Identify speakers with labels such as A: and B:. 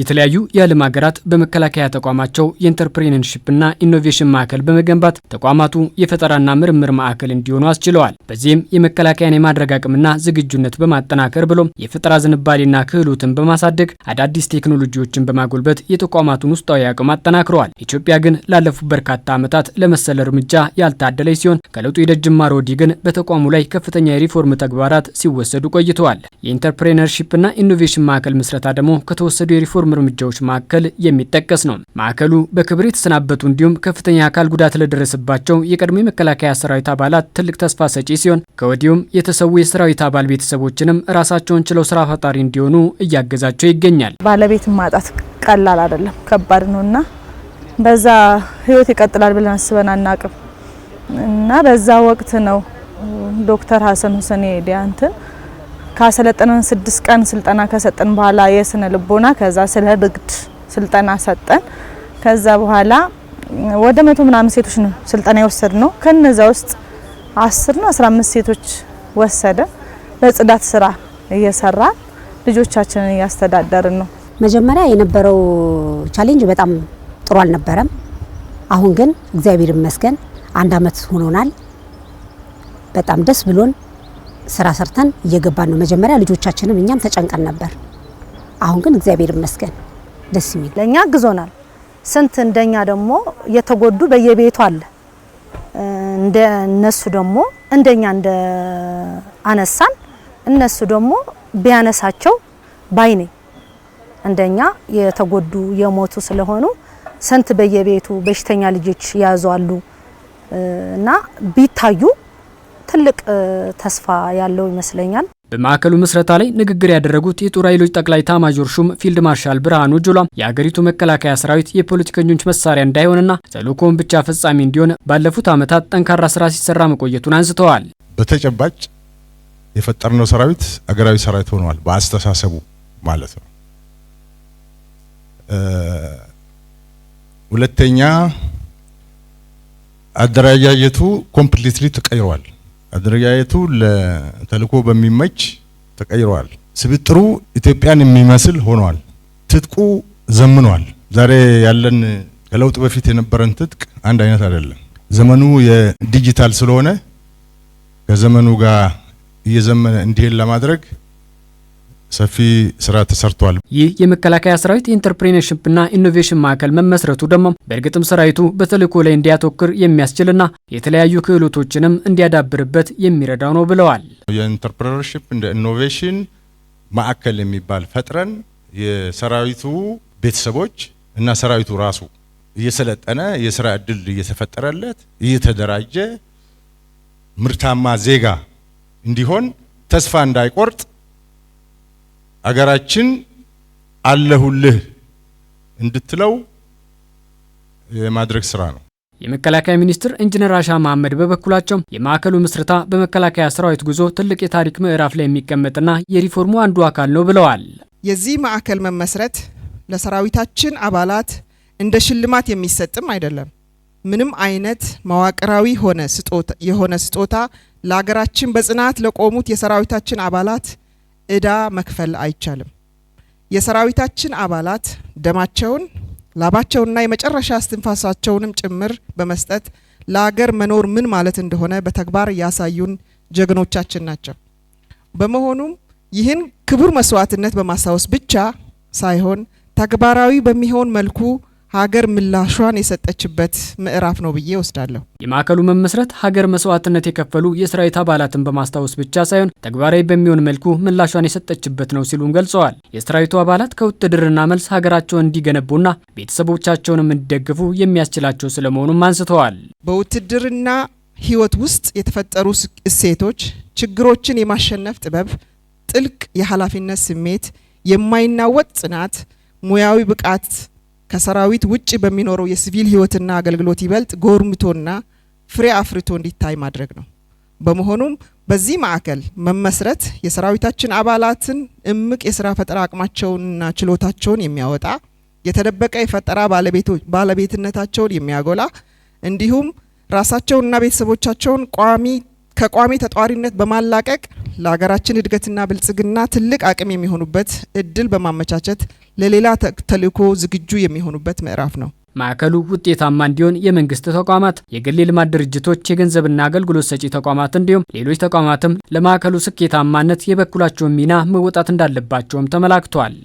A: የተለያዩ የዓለም ሀገራት በመከላከያ ተቋማቸው የኢንተርፕሬነርሺፕና ኢኖቬሽን ማዕከል በመገንባት ተቋማቱ የፈጠራና ምርምር ማዕከል እንዲሆኑ አስችለዋል። በዚህም የመከላከያን የማድረግ አቅምና ዝግጁነት በማጠናከር ብሎም የፈጠራ ዝንባሌና ክህሎትን በማሳደግ አዳዲስ ቴክኖሎጂዎችን በማጎልበት የተቋማቱን ውስጣዊ አቅም አጠናክረዋል። ኢትዮጵያ ግን ላለፉት በርካታ ዓመታት ለመሰል እርምጃ ያልታደለች ሲሆን ከለውጡ የደጅ ጅማሮ ወዲህ ግን በተቋሙ ላይ ከፍተኛ የሪፎርም ተግባራት ሲወሰዱ ቆይተዋል። የኢንተርፕሬነርሺፕና ኢኖቬሽን ማዕከል ምስረታ ደግሞ ከተወሰዱ የሪፎርም ከሚያኮርም እርምጃዎች ማዕከል የሚጠቀስ ነው። ማዕከሉ በክብር የተሰናበቱ እንዲሁም ከፍተኛ አካል ጉዳት ለደረሰባቸው የቀድሞ የመከላከያ ሰራዊት አባላት ትልቅ ተስፋ ሰጪ ሲሆን ከወዲሁም የተሰዉ የሰራዊት አባል ቤተሰቦችንም ራሳቸውን ችለው ስራ ፈጣሪ እንዲሆኑ እያገዛቸው ይገኛል።
B: ባለቤት ማጣት ቀላል አይደለም፣ ከባድ ነው እና በዛ ህይወት ይቀጥላል ብለን አስበን አናቅም እና በዛ ወቅት ነው ዶክተር ሀሰን ሁሴን ዲያንትን ካሰለጠነን ስድስት ቀን ስልጠና ከሰጠን በኋላ የስነ ልቦና ከዛ ስለ ንግድ ስልጠና ሰጠን። ከዛ በኋላ ወደ መቶ ምናምን ሴቶች ነው ስልጠና የወሰድ ነው። ከነዛ ውስጥ አስር ነው አስራ አምስት ሴቶች ወሰደ። በጽዳት ስራ እየሰራ ልጆቻችንን እያስተዳደርን ነው።
C: መጀመሪያ የነበረው ቻሌንጅ በጣም ጥሩ አልነበረም። አሁን ግን እግዚአብሔር ይመስገን አንድ አመት ሆኖናል። በጣም ደስ ብሎን ስራ ሰርተን እየገባን ነው። መጀመሪያ ልጆቻችንም እኛም ተጨንቀን ነበር። አሁን ግን እግዚአብሔር ይመስገን ደስ የሚል
D: ለእኛ አግዞናል። ስንት እንደኛ ደግሞ የተጎዱ በየቤቱ አለ። እንደ እነሱ ደግሞ እንደኛ እንደ አነሳን እነሱ ደግሞ ቢያነሳቸው ባይ ነኝ። እንደኛ የተጎዱ የሞቱ ስለሆኑ ስንት በየቤቱ በሽተኛ ልጆች ያዙ አሉ እና ቢታዩ ትልቅ ተስፋ ያለው ይመስለኛል።
A: በማዕከሉ ምስረታ ላይ ንግግር ያደረጉት የጦር ኃይሎች ጠቅላይ ኤታማዦር ሹም ፊልድ ማርሻል ብርሃኑ ጁላ የሀገሪቱ መከላከያ ሰራዊት የፖለቲከኞች መሳሪያ እንዳይሆንና ተልዕኮውን ብቻ ፈጻሚ እንዲሆን ባለፉት ዓመታት ጠንካራ ስራ ሲሰራ መቆየቱን አንስተዋል።
E: በተጨባጭ የፈጠርነው ሰራዊት አገራዊ ሰራዊት ሆኗል። በአስተሳሰቡ ማለት ነው። ሁለተኛ አደረጃጀቱ ኮምፕሊትሊ ተቀይሯል። አደረጃጀቱ ለተልእኮ በሚመች ተቀይሯል። ስብጥሩ ኢትዮጵያን የሚመስል ሆኗል። ትጥቁ ዘምኗል። ዛሬ ያለን ከለውጥ በፊት የነበረን ትጥቅ አንድ አይነት አይደለም። ዘመኑ የዲጂታል ስለሆነ ከዘመኑ ጋር እየዘመነ እንዲሄድ ለማድረግ ሰፊ ስራ ተሰርቷል።
A: ይህ የመከላከያ ሰራዊት የኢንተርፕሬነርሽፕና ኢኖቬሽን ማዕከል መመስረቱ ደግሞ በእርግጥም ሰራዊቱ በተልዕኮ ላይ እንዲያተኩር የሚያስችልና የተለያዩ ክህሎቶችንም እንዲያዳብርበት የሚረዳው ነው ብለዋል።
E: የኢንተርፕሬነርሽፕ እንደ ኢኖቬሽን ማዕከል የሚባል ፈጥረን የሰራዊቱ ቤተሰቦች እና ሰራዊቱ ራሱ እየሰለጠነ የስራ እድል እየተፈጠረለት እየተደራጀ ምርታማ ዜጋ እንዲሆን ተስፋ እንዳይቆርጥ አገራችን አለሁልህ እንድትለው የማድረግ ስራ ነው።
A: የመከላከያ ሚኒስትር ኢንጂነር አሻ መሐመድ በበኩላቸው የማዕከሉ ምስረታ በመከላከያ ሰራዊት ጉዞ ትልቅ የታሪክ ምዕራፍ ላይ የሚቀመጥና የሪፎርሙ አንዱ አካል ነው ብለዋል።
F: የዚህ ማዕከል መመስረት ለሰራዊታችን አባላት እንደ ሽልማት የሚሰጥም አይደለም። ምንም አይነት መዋቅራዊ የሆነ ስጦታ ለሀገራችን በጽናት ለቆሙት የሰራዊታችን አባላት እዳ መክፈል አይቻልም። የሰራዊታችን አባላት ደማቸውን ላባቸውንና የመጨረሻ እስትንፋሳቸውንም ጭምር በመስጠት ለአገር መኖር ምን ማለት እንደሆነ በተግባር ያሳዩን ጀግኖቻችን ናቸው። በመሆኑም ይህን ክቡር መስዋዕትነት በማስታወስ ብቻ ሳይሆን ተግባራዊ በሚሆን መልኩ ሀገር ምላሿን የሰጠችበት ምዕራፍ ነው ብዬ ወስዳለሁ።
A: የማዕከሉ መመስረት ሀገር መስዋዕትነት የከፈሉ የሰራዊት አባላትን በማስታወስ ብቻ ሳይሆን ተግባራዊ በሚሆን መልኩ ምላሿን የሰጠችበት ነው ሲሉም ገልጸዋል። የሰራዊቱ አባላት ከውትድርና መልስ ሀገራቸውን እንዲገነቡና ቤተሰቦቻቸውንም እንዲደግፉ የሚያስችላቸው ስለመሆኑም አንስተዋል።
F: በውትድርና ህይወት ውስጥ የተፈጠሩ እሴቶች ችግሮችን የማሸነፍ ጥበብ፣ ጥልቅ የኃላፊነት ስሜት፣ የማይናወጥ ጽናት፣ ሙያዊ ብቃት ከሰራዊት ውጭ በሚኖረው የሲቪል ህይወትና አገልግሎት ይበልጥ ጎርምቶና ፍሬ አፍርቶ እንዲታይ ማድረግ ነው። በመሆኑም በዚህ ማዕከል መመስረት የሰራዊታችን አባላትን እምቅ የስራ ፈጠራ አቅማቸውንና ችሎታቸውን የሚያወጣ የተደበቀ የፈጠራ ባለቤትነታቸውን የሚያጎላ እንዲሁም ራሳቸውንና ቤተሰቦቻቸውን ቋሚ ከቋሚ ተጧሪነት በማላቀቅ ለሀገራችን እድገትና ብልጽግና ትልቅ አቅም የሚሆኑበት እድል በማመቻቸት ለሌላ ተልእኮ ዝግጁ የሚሆኑበት ምዕራፍ ነው።
A: ማዕከሉ ውጤታማ እንዲሆን የመንግስት ተቋማት፣ የግል ልማት ድርጅቶች፣ የገንዘብና አገልግሎት ሰጪ ተቋማት እንዲሁም ሌሎች ተቋማትም ለማዕከሉ ስኬታማነት የበኩላቸውን ሚና መወጣት እንዳለባቸውም ተመላክቷል።